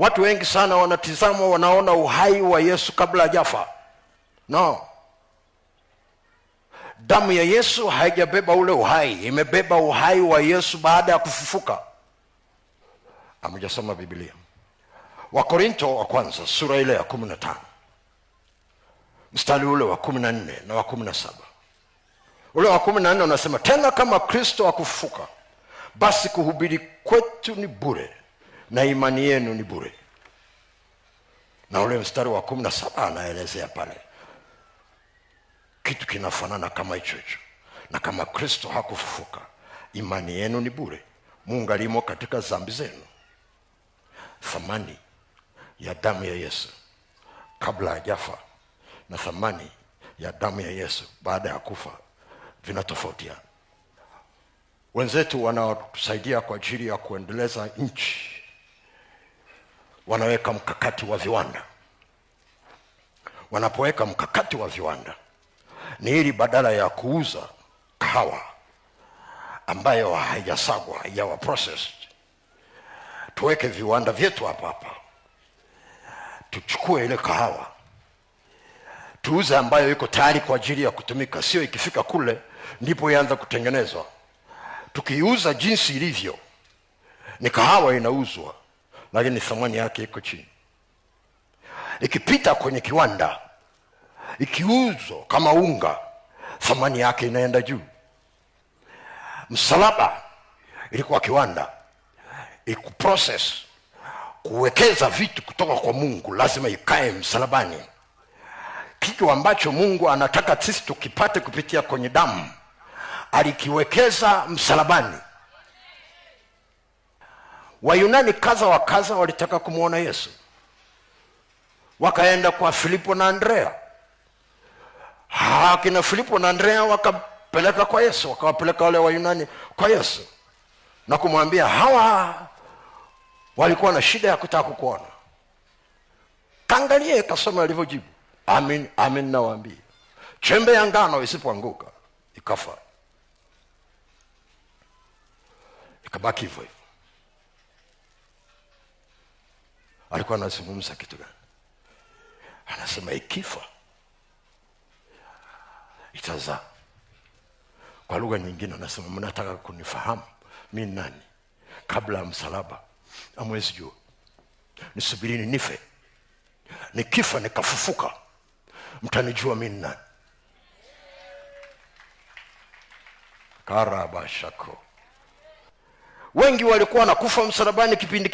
Watu wengi sana wanatizama, wanaona uhai wa Yesu kabla jafa No, damu ya Yesu haijabeba ule uhai, imebeba uhai wa Yesu baada ya kufufuka. Amejasoma Biblia Wakorinto wa kwanza sura ile ya kumi na tano mstari ule wa kumi na nne na wa kumi na saba ule wa kumi na nne unasema, tena kama Kristo akufufuka, basi kuhubiri kwetu ni bure na imani yenu ni bure. Na ule mstari wa kumi na saba anaelezea pale kitu kinafanana kama hicho hicho, na kama Kristo hakufufuka imani yenu ni bure, Mungu alimo katika zambi zenu. Thamani ya damu ya Yesu kabla hajafa na thamani ya damu ya Yesu baada ya kufa vinatofautiana. Wenzetu wanaotusaidia kwa ajili ya kuendeleza nchi wanaweka mkakati wa viwanda. Wanapoweka mkakati wa viwanda ni ili badala ya kuuza kahawa ambayo haijasagwa haijawa processed, tuweke viwanda vyetu hapa hapa, tuchukue ile kahawa tuuze, ambayo iko tayari kwa ajili ya kutumika, sio ikifika kule ndipo ianza kutengenezwa. tukiuza jinsi ilivyo, ni kahawa inauzwa lakini thamani yake iko chini. Ikipita kwenye kiwanda, ikiuzwa kama unga, thamani yake inaenda juu. Msalaba ilikuwa kiwanda, ikuprocess kuwekeza vitu kutoka kwa Mungu, lazima ikae msalabani. Kitu ambacho Mungu anataka sisi tukipate kupitia kwenye damu alikiwekeza msalabani. Wayunani kadha wa kadha walitaka kumwona Yesu, wakaenda kwa Filipo na Andrea. Akina ah, Filipo na Andrea wakapeleka kwa Yesu, wakawapeleka wale Wayunani kwa Yesu na kumwambia, hawa walikuwa na shida ya kutaka kukuona. Kaangalie kasoma alivyojibu, amin amin, nawaambia chembe ya ngano isipoanguka ikafa, ikabaki hivyo hivyo. alikuwa anazungumza kitu gani? Anasema ikifa itazaa. Kwa lugha nyingine anasema mnataka kunifahamu mi nani? Kabla ya msalaba amwezi jua, nisubirini nife, nikifa nikafufuka, mtanijua mi nani. Karabashako wengi walikuwa wanakufa msalabani kipindi